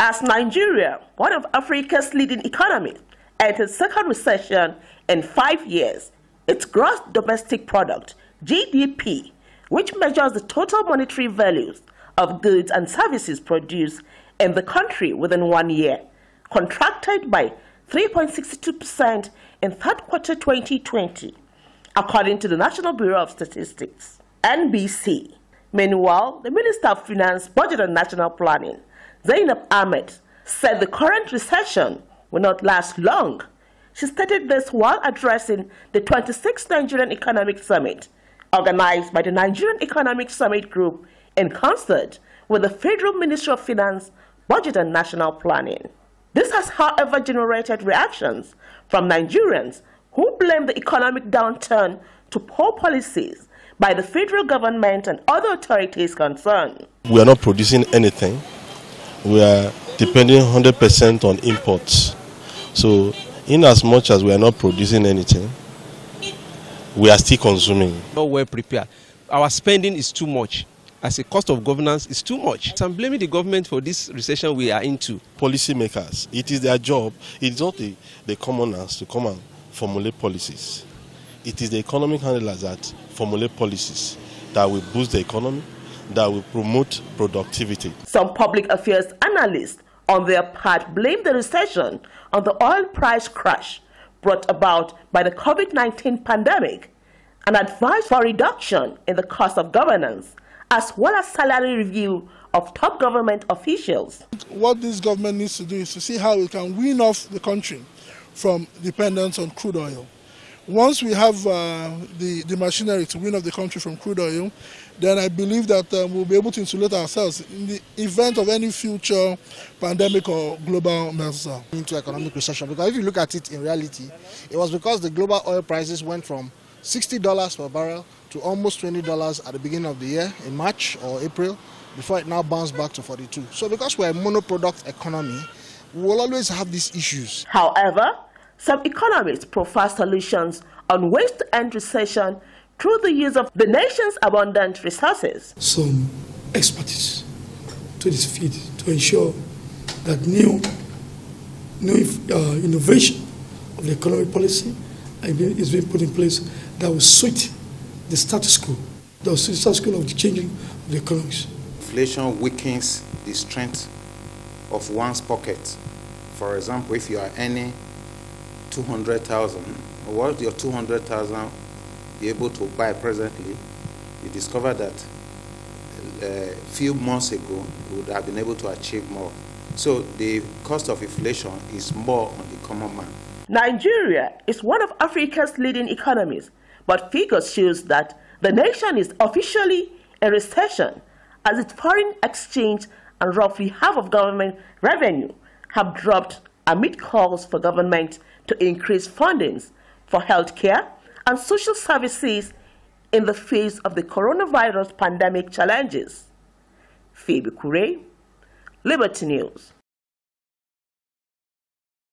as Nigeria, one of Africa's leading economies, entered second recession in five years, its gross domestic product, GDP, which measures the total monetary values of goods and services produced in the country within one year, contracted by 3.62% in third quarter 2020, according to the National Bureau of Statistics, NBC. Meanwhile, the Minister of Finance, Budget and National Planning, Zainab Ahmed, said the current recession will not last long. She stated this while addressing the 26th Nigerian Economic Summit, organized by the Nigerian Economic Summit Group in concert with the Federal Ministry of Finance, Budget and National Planning. This has, however, generated reactions from Nigerians who blame the economic downturn to poor policies by the federal government and other authorities concerned. We are not producing anything we are depending 100% on imports. So, in as much as we are not producing anything, we are still consuming. we well prepared. Our spending is too much. As a cost of governance is too much. So I'm blaming the government for this recession we are into. Policymakers, it is their job. It is not the, the commoners to come and formulate policies. It is the economic handlers that formulate policies that will boost the economy, that will promote productivity. Some public affairs analysts, on their part, blame the recession on the oil price crash brought about by the COVID-19 pandemic and advise for reduction in the cost of governance, as well as salary review of top government officials. What this government needs to do is to see how it can wean off the country from dependence on crude oil. Once we have uh, the, the machinery to win off the country from crude oil, then I believe that um, we'll be able to insulate ourselves in the event of any future pandemic or global meltdown. Into economic recession, because if you look at it in reality, it was because the global oil prices went from $60 per barrel to almost $20 at the beginning of the year in March or April before it now bounced back to 42. So because we're a monoproduct economy, we'll always have these issues. However, some economists prefer solutions on waste and recession through the use of the nation's abundant resources. Some expertise to this field to ensure that new, new uh, innovation of the economic policy is being put in place that will suit the status quo, the status quo of the changing of the economies. Inflation weakens the strength of one's pocket. For example, if you are earning 200,000, or what your 200,000 be able to buy presently, you discover that a uh, few months ago you would have been able to achieve more. So the cost of inflation is more on the common man. Nigeria is one of Africa's leading economies, but figures shows that the nation is officially in recession as its foreign exchange and roughly half of government revenue have dropped amid calls for government to increase fundings for healthcare and social services in the face of the coronavirus pandemic challenges. Phoebe Kure, Liberty News.